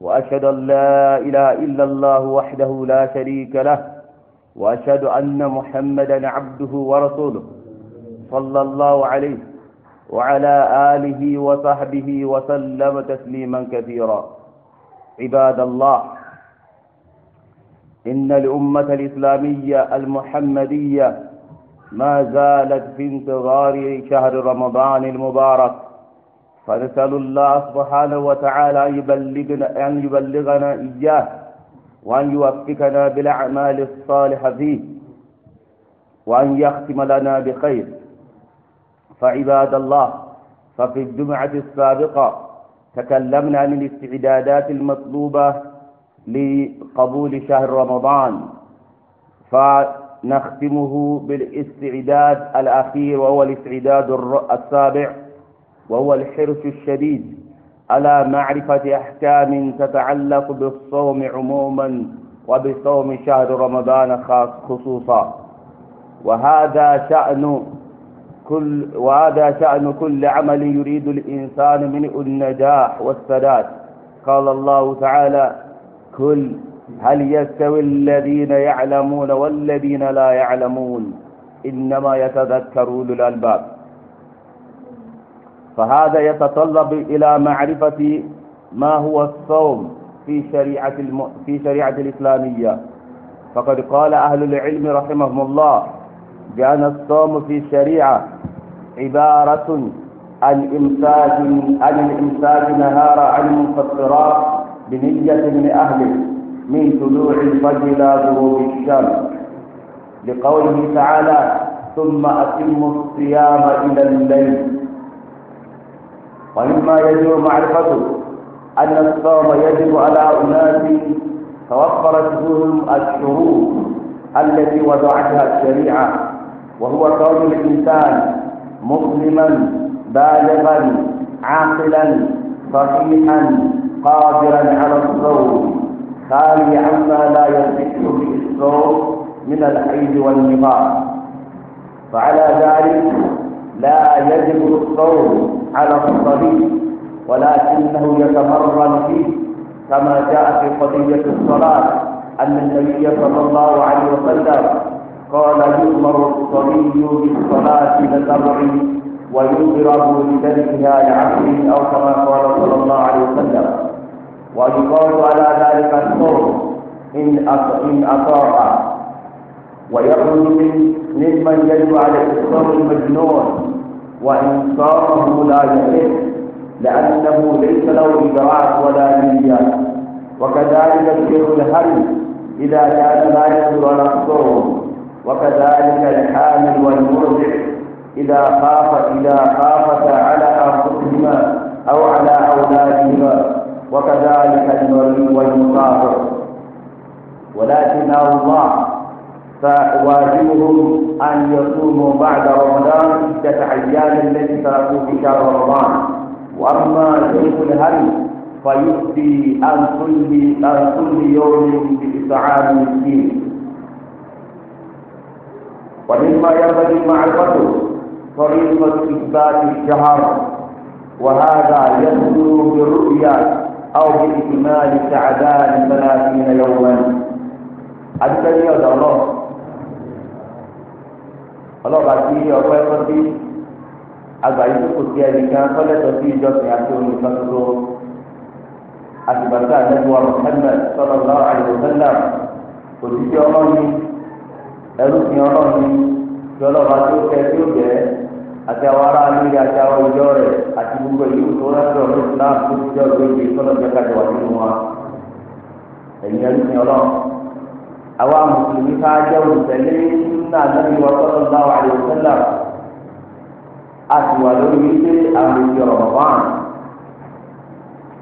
وأشهد أن لا إله إلا الله وحده لا شريك له وأشهد أن محمدا عبده ورسوله صلى الله عليه وعلى آله وصحبه وسلم تسليما كثيرا عباد الله إن الأمة الإسلامية المحمدية ما زالت في انتظار شهر رمضان المبارك فنسأل الله سبحانه وتعالى أن يبلغنا, أن يبلغنا إياه وأن يوفقنا بالأعمال الصالحة فيه وأن يختم لنا بخير فعباد الله ففي الجمعة السابقة تكلمنا عن الاستعدادات المطلوبة لقبول شهر رمضان فنختمه بالاستعداد الأخير وهو الاستعداد السابع وهو الحرص الشديد على معرفة أحكام تتعلق بالصوم عموما وبصوم شهر رمضان خاص خصوصا وهذا شأن كل وهذا شأن كل عمل يريد الإنسان من النجاح والسداد قال الله تعالى كل هل يستوي الذين يعلمون والذين لا يعلمون إنما يتذكرون الألباب فهذا يتطلب إلى معرفة ما هو الصوم في شريعة, الم... في شريعة الإسلامية فقد قال أهل العلم رحمهم الله بأن الصوم في الشريعة عبارة عن إمساك عن الإمساك نهارا عن المفطرات بنية لأهله من طلوع الفجر إلى غروب الشمس لقوله تعالى ثم أتم الصيام إلى الليل ومما يجب معرفته أن الصوم يجب على أناس توفرت لهم الشروط التي وضعتها الشريعة وهو كون الإنسان مسلما بالغا عاقلا صحيحا قادرا على الصوم خالي عما لا يصح به الصوم من الحيض والنفاق فعلى ذلك لا يجب الصوم على الصليب ولكنه يتمرن فيه كما جاء في قضية الصلاة أن النبي صلى الله عليه وسلم قال يؤمر الصبي بالصلاة لسبع ويضرب بتركها لعبده أو كما قال صلى الله عليه وسلم ويقال على ذلك الصوم إن إن أطاع ويخرج من ممن يجب عليه الصوم المجنون وإنصاره لا يحل لأنه ليس له إدراك ولا نيات وكذلك الشر الهري إذا كان لا يسر نقصه وكذلك الحامل والمرضع إذا خاف إذا خافت على أنفسهما أو على أولادهما وكذلك المريض والمسافر ولكن الله فواجبهم أن يصوموا بعد رمضان ستة أيام التي تركوا في شهر رمضان وأما شيخ الهم فيؤتي عن كل عن كل يوم بإطعام مسكين ومما ينبغي معرفته طريقة إثبات الشهر وهذا يبدو بالرؤيا أو بإكمال شعبان ثلاثين يوما أدري الله ọlọ́ba tí ọpẹ́ tó bí agbàyí tó kò sí ẹnìkan tọ́lẹ́tọ̀ sí ìjọsìn àti olùkan tó àtìbàtà àdẹ́gbọ́ Muhammad sallallahu alaihi wasallam òtítí ọlọ́ọ̀ni ẹrúfin ọlọ́ọ̀ni tí ọlọ́ba tó kẹ́ tí ó bẹ̀ẹ́ àti àwọn ará nílé àti àwọn ìjọ rẹ̀ àti gbogbo ìlú tó rántí ọ̀rọ̀ Islam tó ti jẹ́ ògbéjì sọ́lọ́jẹ́ kájọ wà nínú wa ẹ̀yìn ẹrúfin ọlọ́ọ̀ni àwa mùsùlùmí ká jẹ́ olùtẹ̀lé nínú àdáni wa sọ́dọ̀ bá wà lè sẹ́lẹ̀ a sì wà lórí wípé àwọn èdè ọ̀rọ̀ wọ́n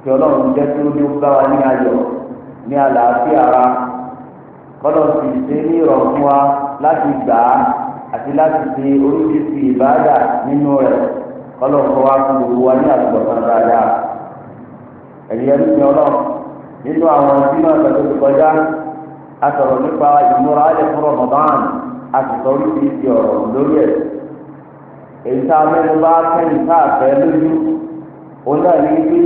kí ọlọ́run jẹ́ kí ó ní bá wa ní ayọ̀ ní àlàáfíà ara kọ́lọ̀ sì ṣe ní ìrọ̀rùn wa láti gbà á àti láti ṣe oríṣiríṣi ìbáàdà nínú rẹ̀ kọ́lọ̀ kọ́ wa fún gbogbo wa ní àtúbọ̀tán dáadáa ẹ̀yẹ́ ní ọlọ́run nínú àwọn tí wọ́n àgbàdo ti kọjá asọ̀rọ̀ nípa ìmúra alẹ́ fún Ramadan asọ̀rọ̀ orí ti ọ̀rọ̀ lórí ẹ̀ èyí tá a mẹ́nu bá kẹ́yìn tá a fẹ́ lójú òun náà ní bí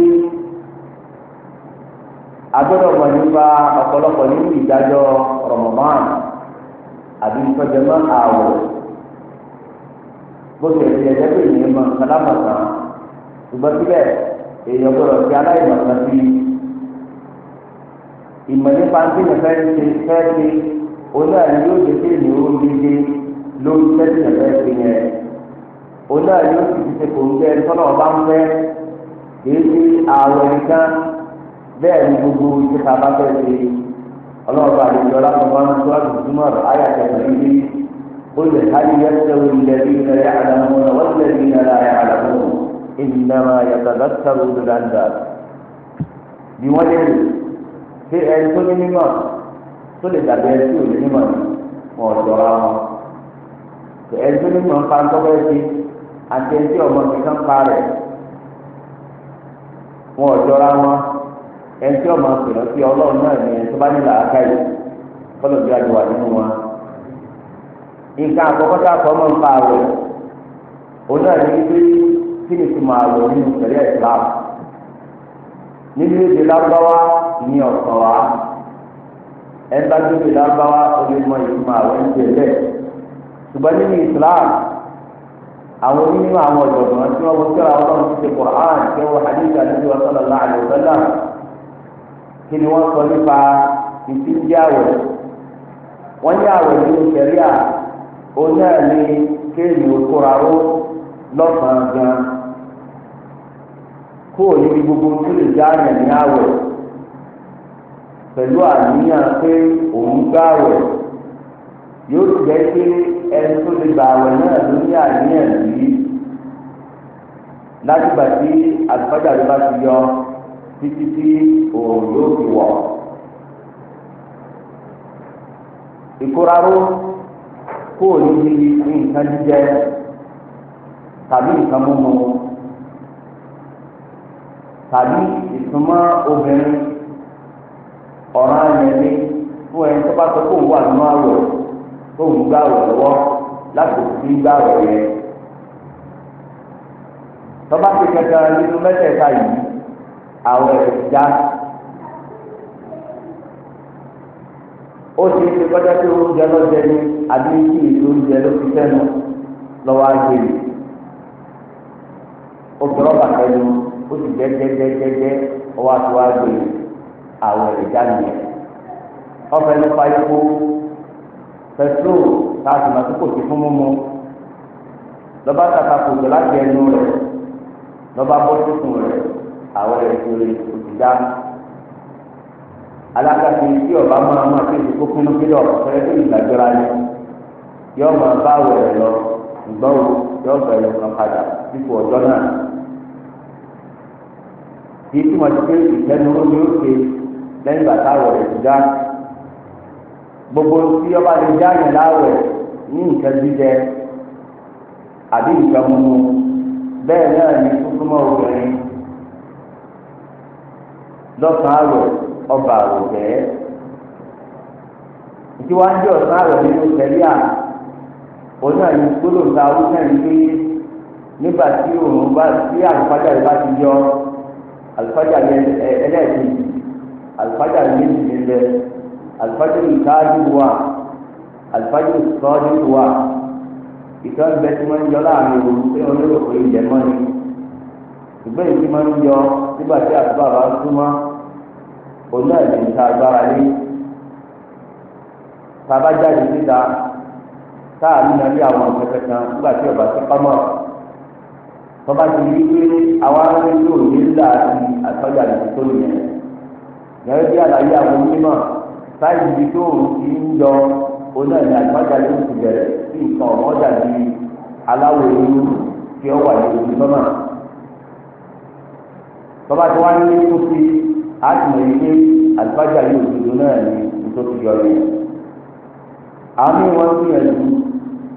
agbọ́dọ̀ mọ̀ nípa ọ̀pọ̀lọpọ̀ nínú ìdájọ́ Ramadan àbí ìtọ́jẹmọ́ àwọ̀ bó ṣe ti ẹ̀jẹ̀ pé ìyẹn mọ̀ nǹkan lámọ̀ kan ṣùgbọ́n síbẹ̀ èèyàn gbọ́dọ̀ fi aláìmọ̀ kan sí i ìmọ̀ nípa ń bíyàn fẹ́ ṣe fẹ́ ṣe oná ni yóò ṣe ṣe ìlú líle lórí tẹ́sán fẹ́ ṣe yẹn oná yóò sì ti ṣe kòńgẹ́ tọ́nà ọba ń fẹ́ kìí ṣe ààrẹ nìkan bẹ́ẹ̀ ni gbogbo iṣẹ́ tá a bá fẹ́ ṣe ọlọ́ọ̀bá àdéjọ lápapọ̀ ń tó àdùnkúmọ̀ àyà tẹ̀sán líle ó lè hali yẹ́sẹ̀ wíńdẹ̀rí ilẹ̀ bí wọ́n lè pé ẹni tó ní mímọ̀ tó lè dàbí ẹni tó ní wọn ra wọn ẹni tó ní mímọ̀ ń pa ńkọ́kọ́ àti ẹni tí ọmọ pa wọn wọn ẹni tí ọmọ pè lọ́sí ọlọ́run náà ní ẹni tó bá nílò yìí bí nínú wọn. nǹkan àkọ́kọ́ tá a kọ́ mọ́ ń pa ní ọ̀sán wa ẹgbẹ́ tó fi lárúbáwá onímọ̀ ìtumọ̀ àwọn ẹ̀jẹ̀ bẹ́ẹ̀ ṣùgbọ́n nínú Islam àwọn onímọ̀ àwọn ọ̀jọ̀gbọ́n tí wọ́n wọ́n àwọn ọ̀sán ti kọ̀ án láàrin kí ni wọ́n sọ nípa wọ́n ní àwẹ̀ lọ́sàn-án gan níbi gbogbo lè já àyàn pẹ̀lú àníyàn pé òun gbà wẹ̀ yóò jẹ́ pé ẹni tó lè gbà wẹ̀ náà ló ní àníyàn yìí látìgbà tí àlùfáàjà ló bá ti yọ títí tí òòrùn yóò fi wọ̀. ìkóraró kó o ní ní nǹkan jíjẹ tàbí nǹkan mímu tàbí ìsúnmọ́ obìnrin. ọ̀rọ̀ yẹn ní fún ẹni tó bá sọ kó ń wà nínú ń gbà lọ́wọ́ láti fi gbà yẹn tọ́ba ti kẹta nínú mẹ́tẹ̀ẹ̀ta yìí ó ti ṣe kọjá pé oúnjẹ ní oúnjẹ ló fi lọ́wọ́ àgbèrè e. ó fi rọ́bà ó sì jẹ́ jẹ́jẹ́jẹ́jẹ́ ọwọ́ àti wá Awọ ìdánìyẹ ọbẹ̀ nípa ikú pẹtrol láti mọ̀ tó sí fún mímu Lọba tata kòtò láti ẹnu rẹ̀ lọba rẹ̀ ìṣòro tí ọba máa máa fi ìdíkó tó ìgbàjọra ni máa bá lọ ìgbọ́n o yọ kan padà dípò ọjọ́ náà kì í túmọ̀ sí pé ìtẹ́nu ó lẹ́yìn ìgbà táwọ̀ rẹ̀ ti dá gbogbo tí ọba lè dá yẹn láwẹ̀ ní nǹkan jíjẹ àbí nǹkan mímu bẹ́ẹ̀ náà ní súnmọ́ obìnrin lọ́sàn-án àwẹ̀ ọba àwòjẹ́ tí wàá jẹ́ ọ̀sán àwẹ̀ nínú tẹ̀lé à oní àyè gbólóńgbà awúsá yìí pé nígbà tí òun bá tí àlùfájà rẹ̀ bá ti yọ àlùfájà rẹ̀ ẹlẹ́ẹ̀kejì alifájà méjì ní bẹ alifájà ìkáàdì wà alifájà sọọdì wà ìtọ́ ìbẹ́ tí wọ́n ń yọ láàrin òru pé olóró pé ilẹ̀ mọ́ ni ìgbẹ́ yìí tí wọ́n ń yọ nígbà tí àtúbà bá súnmọ́ òun náà lè ta agbára lé tàbá jáde síta táà nínú ilé àwọn kẹkẹ kan nígbà tí ọba ti pamọ́ tọ́ba gẹ́gẹ́ bí àlàyé àwọn onímọ̀ báyìí ibi tó òun ti ń yọ oná ní àgbájá ló ti bẹ̀rẹ̀ sí nǹkan ọ̀mọ́ dàbí aláwọ̀ ewu tí ó wà ní ojú sọ́mà. tọ́ba tí wọ́n á ní tó fi àtìmọ̀ ilé àgbájá yóò ti lò náà ní tó ti yọ ní. àmì wọn gbìyànjú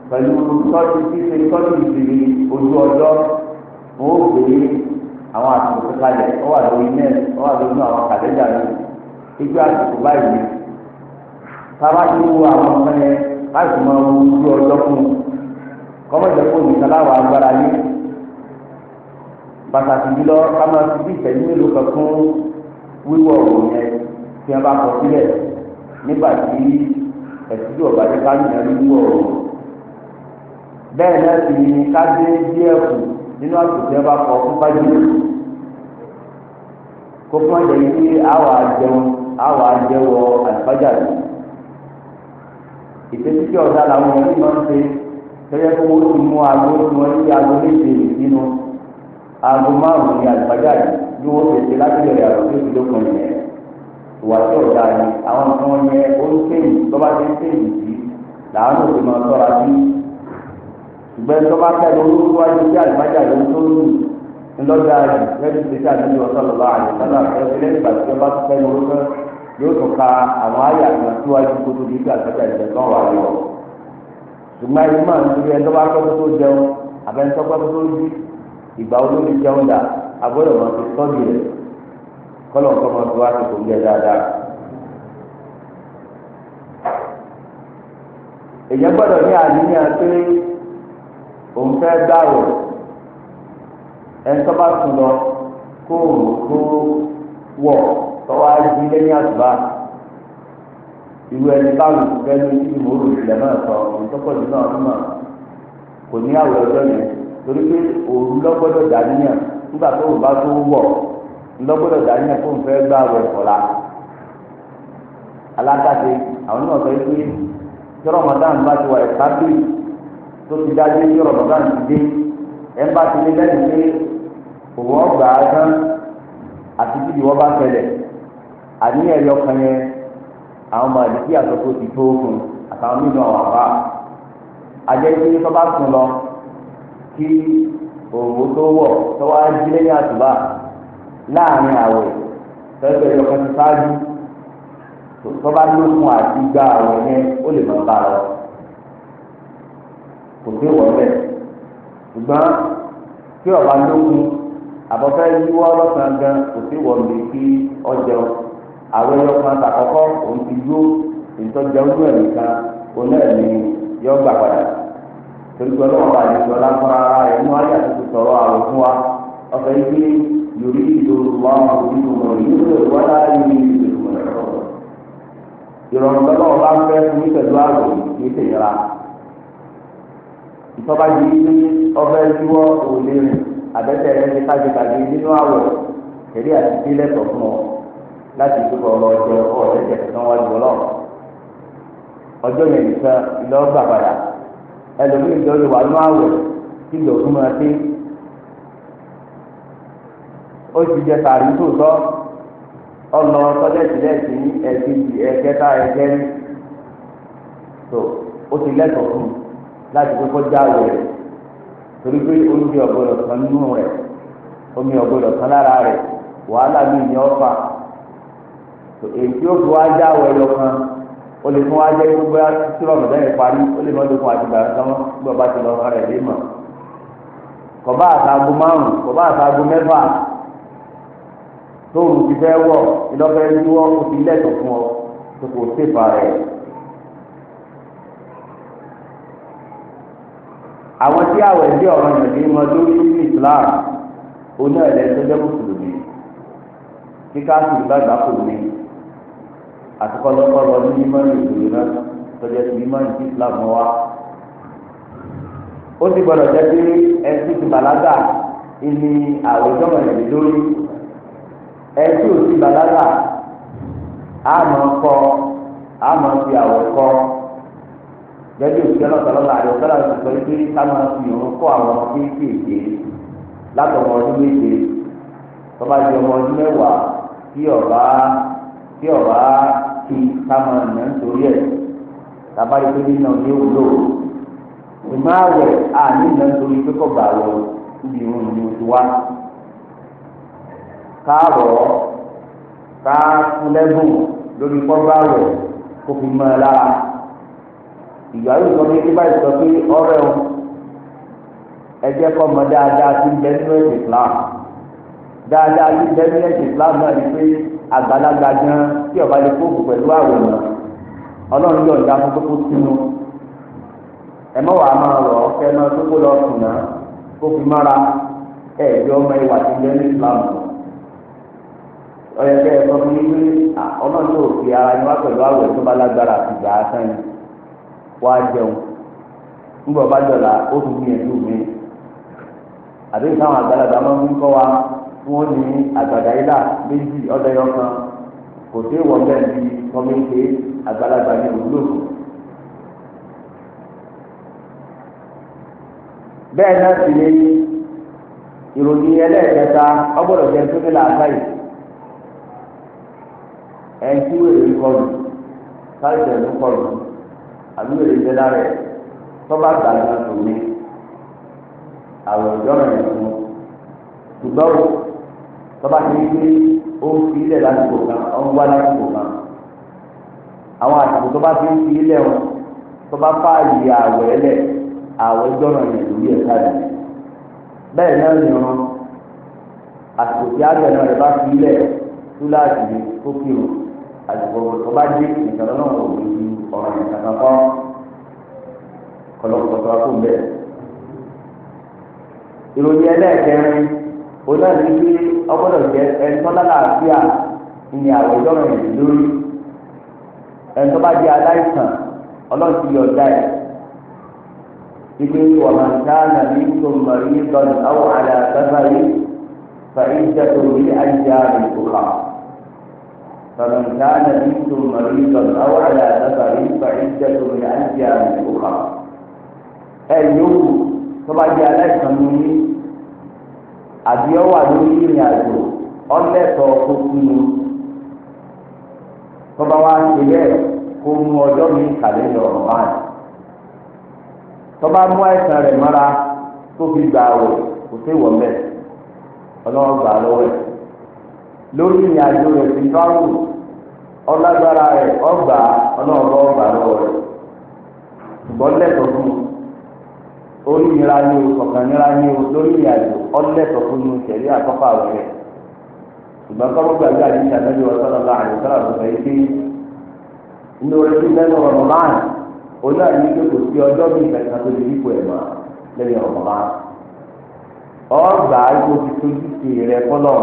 pẹ̀lú tọ́jú ṣíṣe tọ́jú ìṣèlú ojú ọjọ́ wọn ó gbé àwọn àsìkò tó kalẹ̀ ó wà lórí net ó wà lórí àwọn kàlẹ́dà mi ibi àsìkò báyìí ni sábà tí ó wo àwọn ọmọ yẹn láti máa wo ojú ọjọ́ fún un kọ́mọ̀jẹ̀ fún mi sáláwà agbára yé pàtàkì jùlọ ká máa fi bí ìtẹ́jú mélòó kan fún wíwọ̀ òun yẹn tí wọ́n bá kọ sílẹ̀ nígbà tí ẹ̀sìn tí ọ̀bàjẹ́ ká nìyẹn wíwọ̀ òun bẹ́ẹ̀ náà sì ni ká dé díẹ̀ kù nínú àgùntàn yẹn bá kọ fún bájú kó fún àjẹ yìí pé àwọn àjẹun àwọn àjẹwọ àlùfájà rẹ ìtẹ́síkí ọ̀dà làwọn ẹni máa ń ṣe tẹ́lẹ̀ kó wọ́n ti mú aago tí wọ́n ti aago méje nínú aago márùn-ún ní àlùfájà rẹ bí wọ́n tẹ̀sí láti bẹ̀rẹ̀ àrùn tó ti lókun yẹn ìwà tí ọ̀dà ni àwọn nǹkan yẹn ó ń tẹ̀yìn tó bá tẹ̀yìn sí làwọn ò ìgbẹ́ni tó bá tẹ̀lé olórúkọ ayé tí àlùmájà ló ń tó lù ńlọ́dà àjù lẹ́nu tí ká nílò ọ̀sánlọ́lá àjù sálà fẹ́ẹ́ lẹ́yìn ìgbà tí wọ́n bá tún tẹ̀lé olórúkọ yóò tún ka àwọn ayé àgbà tó wájú kó tó di ká àgbàjà ìjẹ́ tán wà lọ. ṣùgbọ́n ẹni máa ń tiri ẹni tó bá tọ́ tó jẹun àbẹ́ni tó tó yí ìgbà olórí jẹun dà agbọ́dọ̀ máa ti ní àníyàn pé òun fẹ́ dárò ẹni tó bá sùn lọ kó òun kó wọ̀ tọ́wọ́ ayé lẹ́yìn àtúbà ẹni báwò fẹ́ẹ́ ní ìmòrò ìlẹ̀ náà sọ òun tó pọ̀ mọ̀ kò ní àwọ̀ ọjọ́ yẹn torí pé òru lọ́gbọ́dọ̀ dàníyàn nígbà tó òun bá tó wọ̀ lọ́gbọ́dọ̀ dàníyàn fẹ́ àwọn onímọ̀ sọ pé tí bá ti wà tó ti dájú ní rọmọdán ti dé ẹnba ti lé lẹ́nu pé òun ọgbà á tán àti tí ìwọ́n bá tẹ̀lẹ̀ àní ẹ̀yọ kan yẹn àwọn ọmọ àdìsí ti tó àtàwọn àwọn àbá tó bá sùn lọ kí òwò tó wọ̀ tó wá jí lẹ́yìn láàrin àwẹ̀ gba àwẹ̀ yẹn ó lè máa bá a kò dé wọ́n bẹ̀ ṣùgbọ́n kí ọba lókun àbọ̀fẹ́ yíwọ́ gan kò dé kí ọjọ́ àwọn ẹyọ kan òun ti yó ìtọ́jà ojú ẹ̀mí kan yọ gbà ara ayé àtúntò sọ̀rọ̀ wa ọ̀fẹ́ yìí yorì ìdòwò àwọn òbí tó yìí ló ìdòwò ìrọ̀rùn bá fẹ́ fún ìtọ́ba yìí ní ọbẹ̀ yíwọ́ òde rìn àbẹ́tẹ̀ rẹ̀ ní kájíkájí nínú àti tọ̀ fún ọ láti wọ́n jù lọ. ọjọ́ yẹn nìkan ilé ọgbà padà ẹlòmíì wà tí ìlò fún mi ti ó ti jẹ tààrí tòótọ́ ọlọ tó ó ti lẹ́tọ̀ọ́ fún mi. láti pé kọjá wò torí pé oúnjẹ ọ̀gbọ́dọ̀ kan nínú omi ọ̀gbọ́dọ̀ kan lára rẹ̀ wàhálà mi ni ọ̀fà èyí tí ó fi wá já wọ kan ó lè fún wá gbogbo tí parí ó lè fún àtìgbà ti lọ àtàgùn márùn àtàgùn tóun ti fẹ́ wọ̀ ìlọ́fẹ́ fi lẹ́tọ̀ fún àwọn tí àwẹ̀ bí ọ̀rọ̀ yẹn ní mọ lórí ní Islam oná ẹ̀rẹ́ tó jẹ́ mùsùlùmí kí káàkiri gbàgbà kò ní àtikọ́lọ́kọ́ lọ ní mímọ́ ní ìlú náà tó ti mímọ́ ní Islam wá. ó ti gbọ́dọ̀ jẹ́ pé ẹtí ti bàlágà ìní àwùjọ mọ̀lẹ́bí lórí ẹtí ò ti bàlágà àmọ́ kọ́ àmọ́ fi àwọ̀ kọ́ gẹ́gẹ́ òsì ọlọ́sọ̀lọ́lá àdó sọ́lá ti sọ pé ká máa fi òun kọ́ àwọn ọmọ kéékèèké látọmọ ọdún méje tọ́ba di ọmọ ọdún mẹ́wàá tí ọ̀bá tí ọ̀bá ti ká máa nà nítorí ẹ̀ tàbá yìí pé nínú ní òwúlò ìmọ̀ àwẹ̀ àní nà nítorí pé kò gbà wọ ibi ìrùn ní oṣù wa káàrọ̀ ká lórí pọ́ńbà àwẹ̀ kó fi mọ́ ẹ lára ìgbà yóò sọ pé kí báyìí sọ pé ọ̀rẹ́ o ẹjẹ kọ mọ dáadáa tí ń ẹsẹ Islam dáadáa tí ń bẹ nínú ẹsẹ Islam náà ni pé àgbàlagbà gan tí ọba lè kóògùn pẹ̀lú àwòrán Ọlọ́run yóò dá fún kókó sínú ẹ mọ wàá máa rọ ọkẹ náà tó kó lọ sùn náà kó fi mára ẹ ẹjọ ọmọ ìwà tí ń bẹ nínú Islam ọyọ kẹ ẹ sọ fún yín pé Ọlọ́run yóò fi ara yín wá pẹ̀lú àwòrán tó bá lágbára àti ìgbà á sẹ́yìn. wá jẹun nígbà bá jọ̀la ó tún gbìyànjú mi àbí káwọn àgbàlagbà máa ń kọ́ wa wọ́n ní àgbàdá ilà méjì ọ̀dọ̀ yọ kan kò sí ìwọ̀n bẹ́ẹ̀ ni àgbàlagbà ni òwúlò bẹ́ẹ̀ náà sì ni ìròyìn ẹlẹ́ẹ̀kẹta ọgbọ́dọ̀ jẹ́ wèrè kọlù káyọ̀ ló kọlù. àbí wèrè ń bẹ lára ẹ̀ tọ́ba gbàgbà tó ní àwọn ìjọ rẹ̀ fún ṣùgbọ́n tọ́ba ti ní pé ó ń fi ilẹ̀ lásìkò kan ó ń wá lásìkò kan àwọn àsìkò tọ́ba ti ń fi ilẹ̀ wọn tọ́ba fààyè àwẹ̀ ẹlẹ̀ àwẹ̀ ìjọ rẹ̀ lórí ẹ̀ka rẹ̀ bẹ́ẹ̀ náà ni wọn àsìkò tí àgbẹ̀ náà rẹ̀ bá fi ilẹ̀ túláàsì kókìrò àsìkò tó bá dé nìkan lọ́nà wò ó ju ọ̀rọ̀ nìkan kan kọ́ kọlọ́kọ̀ tó wá kó bẹ́ẹ̀. ìròyìn ẹlẹ́ẹ̀kẹrin onáàbí pé ọgbọ́dọ̀ jẹ ẹni tó lálàáfíà ìní àwùjọ rẹ̀ lórí ẹni tó bá jẹ aláìsàn ọlọ́run ti yọ ọ̀dà ẹ̀ ibi wà máa ń ká nàbí tó mọ̀rí lọ́nà àwọn àlàáfẹ́ báyìí fàyíjà tó rí àjà rẹ̀ kó kà. فمن كان منكم مريضا او على سفر فعدة من ايام اخرى ẹyọkù tó bá di aláìsàn ní ní àbí ọ wà lórí ìrìn àjò ọlẹ́tọ̀ kó kúnú tó bá wá ṣe bẹ́ẹ̀ kó mú ọjọ́ mi kàlẹ́ lọ báyìí tó bá mú àìsàn rẹ̀ mọ́ra tó fi gbà wẹ̀ kò sí wọ́n bẹ́ẹ̀ ọlọ́run gbà lọ́wọ́ ẹ̀. lórí ìyàjò rẹ̀ ti tọ́wù ọlágbára rẹ̀ ọgbà ọlọ́ọ̀rọ̀ ọgbà lọ́wọ́ rẹ̀ ṣùgbọ́n ni o kọ̀ọ̀kan nira ni o lórí ìyàjò ọlẹ́tọ̀ọ́ fún un tẹ̀lé àkọ́kọ́ àwọn rẹ̀ ṣùgbọ́n kọ́kọ́ gbàgbé àdìsí àtẹ́jú ọ̀sọ́lọ́lá àdìsọ́lá lọ́sọ̀ yìí pé inú rẹ̀ ti lẹ́nu ọ̀rọ̀ máa oní àyè pé kò sí ọjọ́ bí ìfẹ̀sà tó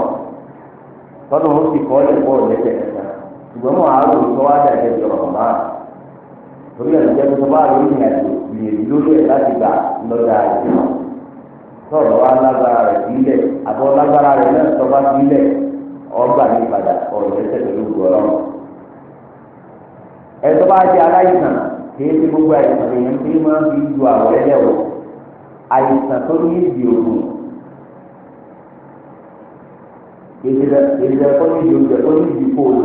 tọ́lọ́ ó sì kọ́ lẹ́kọ́ lẹ́sẹ̀ kẹta ṣùgbọ́n mọ̀ àárò tó wá dàgbẹ́ jọ̀rọ̀ mọ́ a torí ẹ̀ jẹ́ tó bá rí ìrìn àjò ìrìn lórí ẹ̀ láti gbà lọ́dà àjò tọ́lọ́ wa lágbára rẹ̀ sílẹ̀ àbọ̀ lágbára rẹ̀ náà tọ́ bá sílẹ̀ ọgbà ní padà ọ̀rọ̀ lẹ́sẹ̀ pẹ̀lú gbọ́rọ̀ ẹ̀ tó bá jẹ́ aláìsàn kìí ṣe gbogbo àìsàn èèyàn tí wọ́n fi ju àwọ̀ èdè èdè ẹ̀kọ́ ní ìlú ẹ̀kọ́ ní ìlú kò lò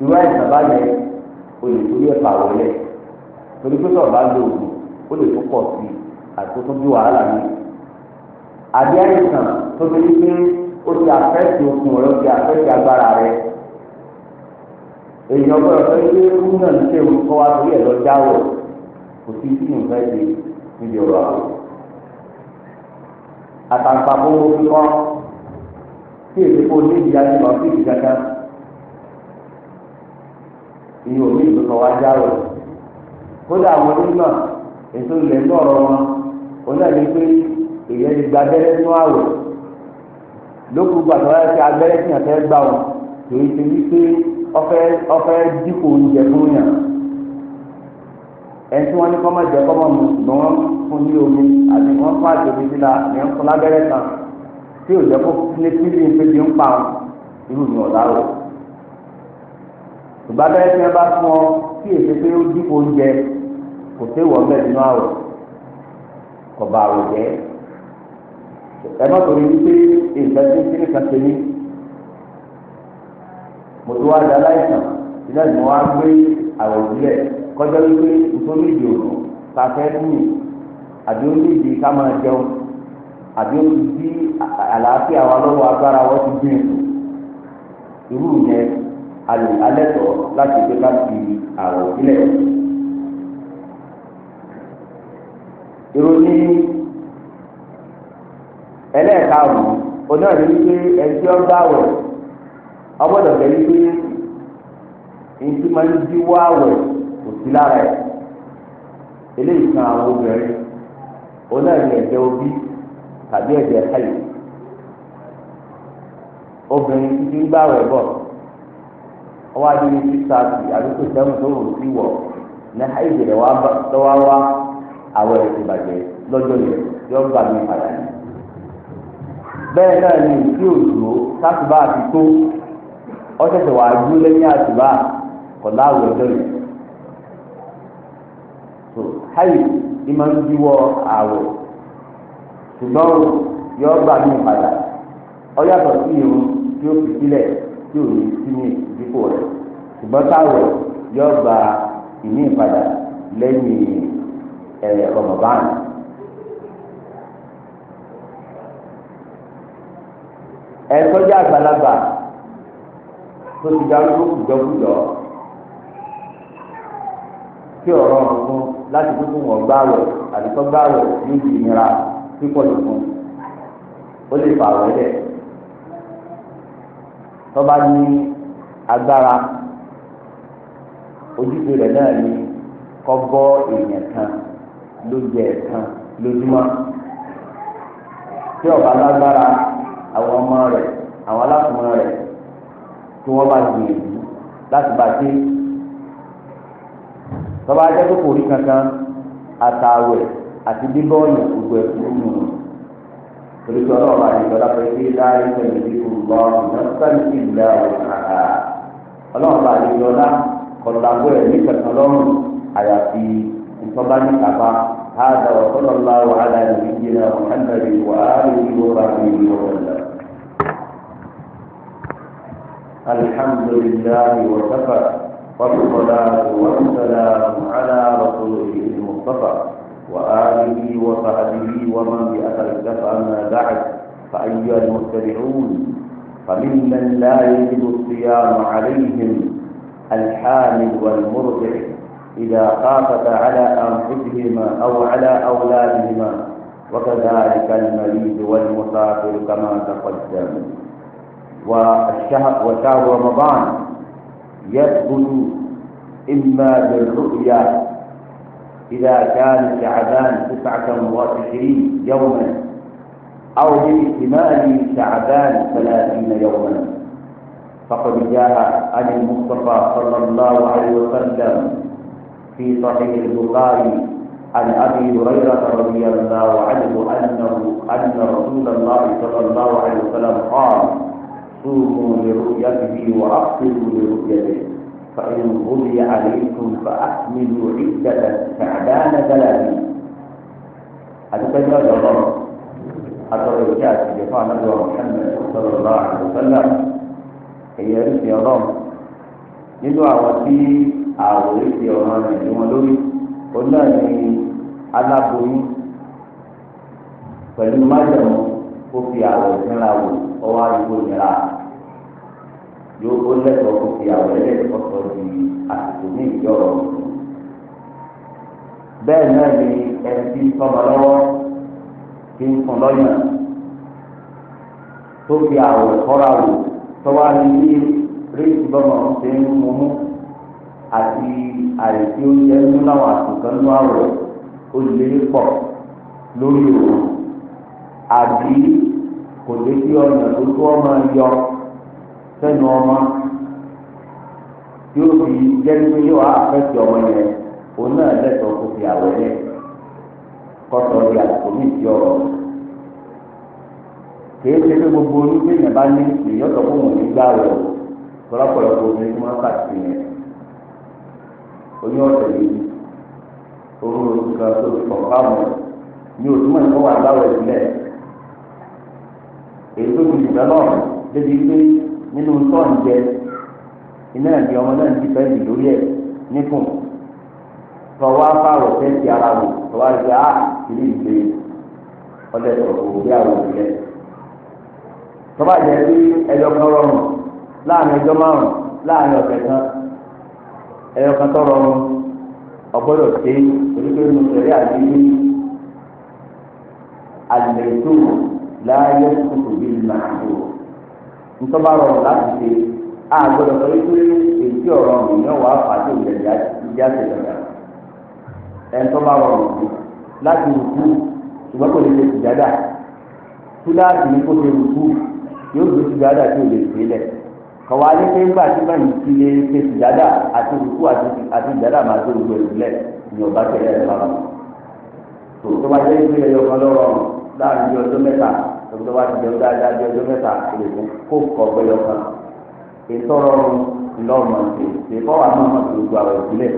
irú àìsàn báyẹn o lè torí ẹ̀fà wọlé torí pé sọ̀rọ̀ bá lo oògùn ó lè tó pọ̀ sí i àti tó tún bí wàhálà mi. àbí àìsàn tó torí pé ó ti àfẹ́sì okùn rẹ ó ti àfẹ́sì agbára rẹ èèyàn gbọ́dọ̀ fẹ́ gbé irú náà ní ṣé òun kọ́ wá torí ẹ̀ lọ jáwọ̀ kò sí sí nǹkan ṣe níbi ọ̀rọ̀ àwọn. àtàǹpà gbogbo kíkọ́ tí èdè kó ní ìdí ajé máa fi ìdí kankan ìyẹn òní ìdókòwò ajá rò kódà àwọn onímọ̀ ètò ilẹ̀ ń dọ̀rọ̀ wọn onáà ní pé èyẹ ti gba abẹ́rẹ́ nínú àwẹ̀ lókùn gbàtọ́ láti fi abẹ́rẹ́ tí yàn fẹ́ gbà wọn èyí ti wí pé ọfẹ́ dípò oúnjẹ fún yàn ẹni tí wọ́n ní kọ́ máa jẹ wọ́n fún ní omi àti wọ́n fún àjòjì síta ní wọ́n lábẹ́rẹ́ kan tí òjò kó lé síbi ìpèsè ń pa irú mi ọ̀la o ìgbà bẹ́ẹ̀ tí wọ́n bá fún ọ kí èsì pé ó dín oúnjẹ kò sí ìwọ̀n bẹ́ẹ̀ nínú àwọ̀ ọ̀bà àwọ̀ jẹ́ ẹ má torí wípé nǹkan tí kíni kan ṣe ní mo ti wá da láìsàn ìdá ìmọ̀ wá gbé àwọ̀ ìbílẹ̀ kọjá wípé nítorí ìdí òòrùn ká fẹ́ nìyí àbí ó ní ìdí ká máa jẹun. àbí ó ti àlàáfíà wa lọ́wọ́ agbára wọ́n ti dín ètò irú yẹn alẹ́tọ̀ láti gbé ká àwọ̀ àrùn ìròyìn ẹlẹ́ẹ̀karùn-ún wípé ẹtí ọgbà wẹ̀ ọgbọ́dọ̀ tẹ̀lé pé ntí máa ń díwọ́ àwẹ̀ kò lára ẹ̀ eléyìí kan àwọn obìnrin ẹ̀jẹ̀ obi. tàbí ẹ̀jẹ̀ káyì obìnrin títí ń gbàwẹ̀ bọ̀ ọwọ́ adìyẹ ti sáàtì àdúgbò sẹ́wọ̀n tó rò sí wọ̀ ní ẹ̀jẹ̀ wá wá àwọ̀ rẹ̀ ti bàjẹ́ lọ́jọ́ yẹn yọ gbà mí padà ní. bẹ́ẹ̀ náà ni sátìbá àti tó wàá ṣùgbọ́n yọ gbà mí padà ọyàtọ̀ sí irun tí ó fi sílẹ̀ tí ò ní sí ní ìdíkò rẹ̀ ṣùgbọ́n táwọ̀ yọ gbà ìní ìpadà lẹ́yìn ẹ̀rẹ̀ ọmọbáàn. ẹ̀sọ́jà àgbàlagbà tó ti darúgbó kùjọkùjọ tí ọ̀rọ̀ ọ̀hún láti kúkú wọ̀n gbáwẹ̀ àdìkọ́ gbáwẹ̀ yóò di ìnira pípọ̀ nìkan ó lè fà wọ́n lẹ̀ tọ́ba ní agbára ojúṣe rẹ̀ náà ni kọ́gbọ́ èèyàn kan lójú ẹ̀ kan lójúmọ́ tí ọba lágbára àwọn ọmọ rẹ̀ àwọn alákùnrin rẹ̀ tí wọ́n bá gbìyànjú láti bá dé tọ́ba ajẹ́ tó kò rí kankan àtàwẹ̀ àti bíbọ́ ọ̀yàn gbogbo ẹ̀kú nù. Torípé ọlọ́run àyẹ̀dọ́lá pé kí láàyè pẹ̀lú ìlú lọ ìdánsáré sí ìlà òkàkà. Ọlọ́run àyẹ̀dọ́lá kọ̀ọ̀lágbó ẹ̀ ní kẹ̀kọ́ lọ́rùn àyàfi ìtọ́ba ní kàbá. هذا وصلى الله على نبينا محمد وآله وصحبه وسلم. الحمد لله وكفى والصلاة والسلام على رسوله المصطفى وآله وصحبه ومن بأثر ما بعد فأيها المتبعون فممن لا يجب الصيام عليهم الحامل والمرضع إذا خافت على أنفسهما أو على أولادهما وكذلك المريض والمسافر كما تقدم والشهر وشهر رمضان يثبت إما بالرؤيا إذا كان شعبان تسعة وعشرين يوما أو باحتمال شعبان ثلاثين يوما فقد جاء عن المصطفى صلى الله عليه وسلم في صحيح البخاري عن أبي هريرة رضي الله عنه أنه أن رسول الله صلى الله عليه وسلم قال صوموا لرؤيته وأفطروا لرؤيته فإن غلي عليكم فأحملوا عدة تعدان ثلاثين أتبنى الله أتبنى جاءت جفاء نبي محمد صلى الله عليه وسلم هي رسي الله nínú àwọn tí àwòrán ti ọ̀ràn rẹ̀ ní wọn lórí òun náà ni aláboyún pẹ̀lú májèmú ó fi àwòrán ìnira wò ọwọ́ àdúgbò nira yóò ó lẹ́tọ̀ọ́ kó fi àwọn ẹlẹ́tọ̀ọ́ sọ di àsìkò ní ìjọ rọ̀. bẹ́ẹ̀ náà ni ẹni tí ń tọ́mọ lọ́wọ́ ti ń fún lọ́yà tó fi àwọ̀ kọ́ra wò tọ́wá ní bí réèkì bọ́mọ̀ ṣe ń mú mú àti àrètí oúnjẹ ń láwọn àtúnkà ń lọ àwọ̀ ó pọ̀ lórí òun àbí kò lè fi ọ̀nà tó tó ọmọ yọ sẹ́nu ọmọ yóò fi jẹ́ pé yóò á fẹ́ẹ̀tì ọmọ yẹn òun náà lẹ́tọ̀ọ́ kó fi àwẹ̀ lẹ̀ kọ́tọ̀ di àsìkò mí ti ọ̀rọ̀ kìí ṣe pé gbogbo onígbé yẹn bá ní ìyọ́tọ̀ fún òun nígbà rẹ̀ o tọ́lọ́pọ̀lọpọ̀ obìnrin tí wọ́n kàtì yẹn oyún ọ̀sẹ̀ yìí orú oṣù kan tó ti pọ̀ fáwọn ní òtúmọ̀ ìfọwọ́ àgbáwẹ̀ sílẹ̀ èyí tó ti dùn náà débi pé nínú tọ́ǹjẹ iná ẹ̀dí ọmọ náà ti fẹ́ẹ́ lórí ẹ̀ níkùn tọwọ́ afárò tẹ́tì ara wò tọwọ́ àti á ìlú ìgbé ọdẹ tọ̀rọ̀ òbí àwọn òbílẹ̀ tọ́ba jẹ́ pé kan rọrùn láàrin márùn-ún láàrin ọ̀sẹ̀ kan kan rọrùn ọgbọ́dọ̀ ṣe àti ilé àlẹ́ tó láyé ntọ́ba rọrùn láti ṣe a gbọ́dọ̀ sọ wípé èyí ọ̀rọ̀ èèyàn wà á fàájì òjòjì ìdí àtẹ̀lẹ̀ ẹ̀ńtọ́ba rọrùn sí láti rùkú ṣùgbọ́n kò lè ṣe sùjádà túláàsì ní kó ṣe rùkú yóò tí ò lè ṣe lẹ̀ kọ̀wá ní pé tí báyìí ti lè ṣe àti rùkú àti máa tó ní tẹ̀lé ẹ̀ ọjọ́ wa ti jẹun dáadáa bí ọjọ́ mẹ́ta lè fún kó kọ́ ọgbẹ́yọ kan ètò ọrọ̀run lọ́ọ̀mọ̀ ṣe ṣe kọ́ wa máa máa gbogbo àwọn ìpínlẹ̀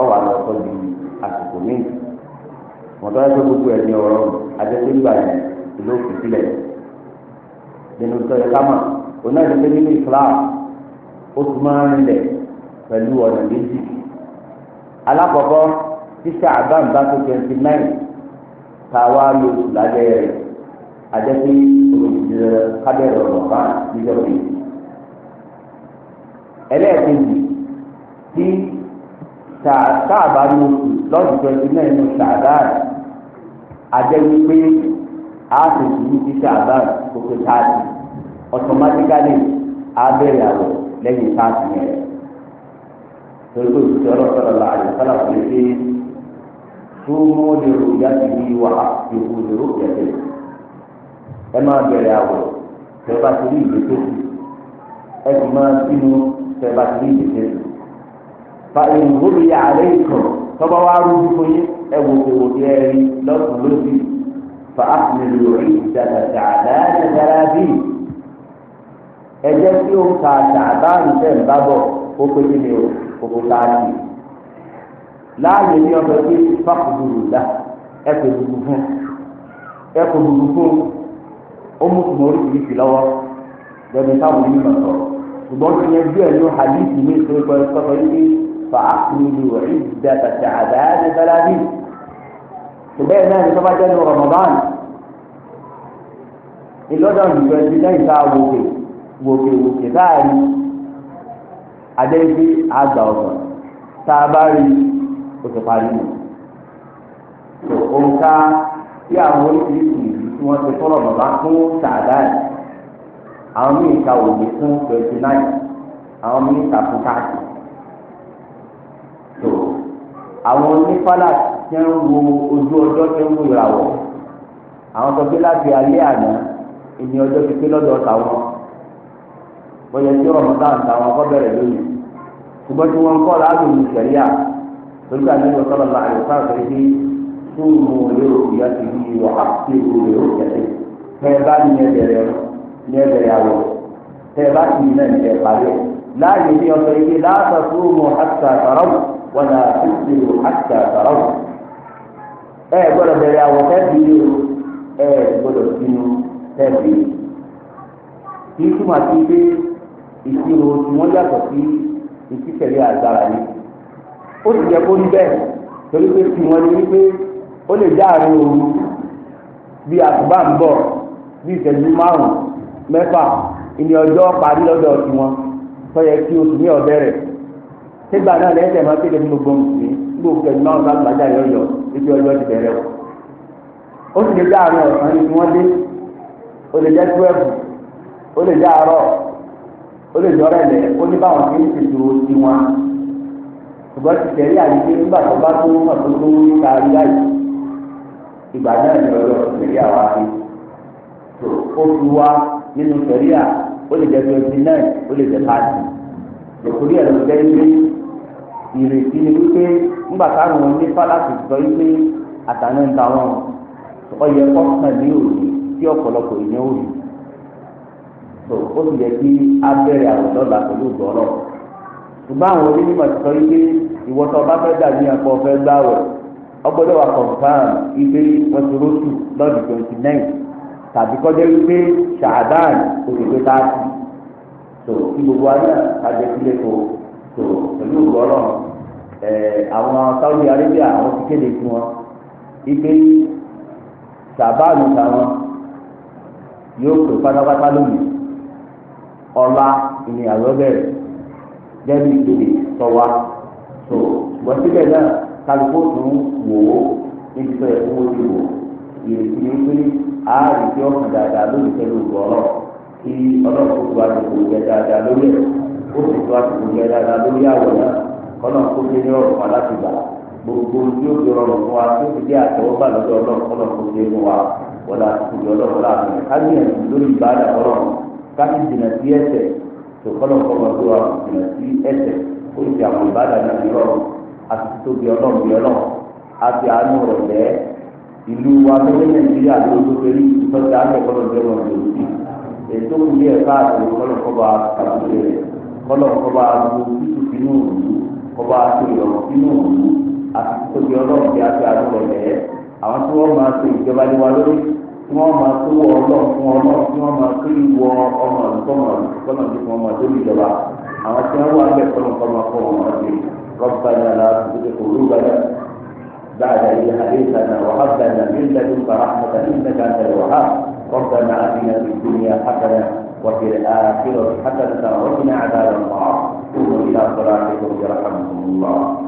ọ̀wà lọ sọ di àsìkò míì mọ̀tọ́ ẹgbẹ́ gbogbo ẹ̀ ní ọ̀rọ̀ adẹ́gbẹ́gbà yẹn ló fi sílẹ̀ nínú tó yẹ kámọ̀ oná ìdílé nínú Islam ó tún máa ń rinlẹ̀ pẹ̀lú ọ̀nà méjì alákọ̀ọ́kọ́ tí sàbáǹbá tó twenty nine tàwa lò lábẹ́ rẹ̀ àjẹpé olùdíje kábẹ́rẹ́ ọ̀rọ̀ bá níjọ́ pé ẹlẹ́ẹ̀kejì tí sáàbà ní oṣù lọ́dún twenty nine ní sàdáàdì àjẹpé pé a sì sùúrù sí sàdáàdì kókó táàdì ọ̀tọ̀mátíkálì abẹ́rẹ́ àwọ̀ lẹ́yìn táàdì yẹn torí pé òṣìṣẹ́ ọlọ́sọ̀rọ̀ la àyẹ̀sọ́lá fún mi pé tó mọ́ lè rò yá bí wà fi kú lè rò yá sí i. ẹ máa bẹ̀rẹ̀ àwọ̀ tẹ bá ti rí tó ẹ sì máa tẹ bá ti rí tó fa ìkàn tọ́ba wa rú fún yín ẹ wò wò ẹ lọ́sùn fa ìdàgbà bí ẹ jẹ́ kí o ó pé kí ó mú tùmọ̀ oríṣiríṣi lọ́wọ́ lẹ́nu táwọn onímọ̀ sọ̀rọ̀ ṣùgbọ́n tí yẹn bí ẹ̀yọ́ hadithi mi tó gbọ́ sọ́kọ́ yìí fa àkùnrin ìwà ìdá tàtà àdáyé bẹ́lábì ṣùgbọ́n ẹ̀ náà ní sọ́ba jẹ́ ní Ramadan ìlọ́dọ̀ nìkan ti lẹ́yìn tá wòkè wòkè wòkè táàrí adéyébí àgbà ọ̀sán tá a bá rí oṣù parí nù. òǹkà tí àwọn oríṣiríṣi tí wọ́n ti fọ́nà bàbá fún àwọn míì ka òye fún twenty nine àwọn míì ka fún káàkiri tó àwọn onífàlà tí ń wo ojú ọjọ́ tí ń wo ìràwọ̀ àwọn láti alẹ́ àná ìní ọjọ́ ti lọ́dọ̀ bóyá tí kọ́ bẹ̀rẹ̀ lónìí ṣùgbọ́n tí wọ́n ń kọ́ lójú àdéhùn sọ́lọ́lá súnmù lérògbìyà ti di wà á ti rò lérògbìyà ti tẹ ẹ bá ní ẹbẹrẹ ní ẹbẹrẹ àwọ tẹ ẹ bá ti ní ẹbẹrẹ parí ẹ láàyè ní ọsẹ yìí láàtà súnmù àtà sàrọwù wọn là ti ti rò àtà sàrọwù ẹ gbọ́dọ̀ bẹ̀rẹ̀ àwọ tẹbi ẹ gbọ́dọ̀ sínú tẹbi kì túmọ̀ sí pé ìṣirò tí wọ́n yàtọ̀ sí ìṣísẹ̀lẹ̀ àgbára yìí ó sì yẹ kó rí bẹ́ẹ̀ torí pé tí wọ́n lè rí ó lè já àárín ooru bí àtúbà ń bọ̀ bí ìṣẹ́jú márùn-ún mẹ́fà ìní ọjọ́ parí lọ́dọ̀ tiwọn tọ́yẹ kí oṣù ní ọ̀bẹ nígbà náà lẹ́yìn kéde gbogbo mùsùlùmí gbogbo ìṣẹ́jú márùn-ún láti gbàjà yọ̀yọ̀ ibi ọjọ́ ti bẹ̀rẹ̀ o ó sì lè já àárín ọ̀sán dé ó lè jẹ́ ó lè àárọ̀ ó lè lẹ̀ ó ní báwọn fi ń ìgbà náà ni ọjọ́ ìṣẹ̀lẹ̀ àwa fi tó ó fi wá nínú ìṣẹ̀lẹ̀ à ó lè jẹ́ twenty nine ó lè jẹ́ thirty lòkúrí ẹ̀ ló jẹ́ ilé ìrètí ni wípé ńgbà táwọn onífà láti sọ ilé àtàná ń ta wọn ọyẹ kọ́kàn ní òní tí ọ̀pọ̀lọpọ̀ ìyẹn ò rí tó ó sì yẹ kí abẹ́rẹ́ àwùjọ là pẹ̀lú ìgbọ́rọ̀ ṣùgbọ́n àwọn onímọ̀ ti sọ ilé ìwọ́sọ̀ bá fẹ́ dàbí ọgbọ́dọ̀ wa confam ibi wọn ti rótù lọ́dún twenty nine tàbí kọjá wípé ṣàdán òṣèlú tààtì tó kí gbogbo ayé àjẹsílẹ̀ tó tó pẹ̀lú ìgbọ́rọ̀ àwọn Saudi Arabia àwọn ti kéde fún wọn ibi ṣàbáàlù táwọn yóò pè pátápátá lónìí ọlá ìní àlọ́ bẹ̀rẹ̀ jẹ́bi ìkéde tọ́wa tó wọ́n síbẹ̀ náà kálukó tún wò ó níbi tó yẹ kó wọ́n ti wò ìrètí ni pé ààrẹ tí ọkàn dáadáa lórí tẹ́lẹ̀ ògbọ́ ọlọ́run kí ọlọ́run tó tó àtòkò jẹ dáadáa lórí ẹ̀ ó sì tó àtòkò jẹ dáadáa lórí àwọ̀ náà kọ́lọ́n kó dé ní ọ̀rọ̀ kan láti gbà gbogbo tí ó fi rọrùn fún wa tó fi dé àtẹwọ́gbà lọ́dọ̀ ọlọ́run kọ́lọ́n kó dé fún wa wọ́n la ti kùdì ọlọ́run láàrin kábíyèsí lórí ìbáàdà ọlọ́run káfí jìnà sí ẹsẹ̀ tó kọ́lọ́n kọ́ àti títóbi ọlọ́run bí ọlọ́run àti àánú rẹ̀ lẹ́ ìlú wa lórí nàìjíríà ló ló pẹ̀lú ìtọ́jà akẹ́kọ̀ọ́ lọ́jọ́ wọn lò sí ètò ìlú ẹ̀ka àti kọ́lọ̀kọ́ba àtàkùnrin rẹ̀ kọ́lọ̀kọ́ba gbogbo títù sínú òòlù kọ́ba àti ìrọ̀rùn sínú òòlù àti títóbi ọlọ́run bí àti àánú rẹ̀ lẹ́ àwọn tí wọ́n máa ṣe ìjọba ní wa lórí tí wọ́n máa tó wọ ọlọ́run fún ọlọ́run tí wọ́n máa tó ìwọ ọmọ àlùkọ́mọ àlùkọ́mọ ربنا لا تزغ قلوبنا بعد إذ هديتنا وهب لنا من لدنك رحمة إنك أنت الوهاب ربنا آتنا في الدنيا حسنة وفي الآخرة حسنة وقنا عذاب النار قوموا إلى صلاتكم برحمكم الله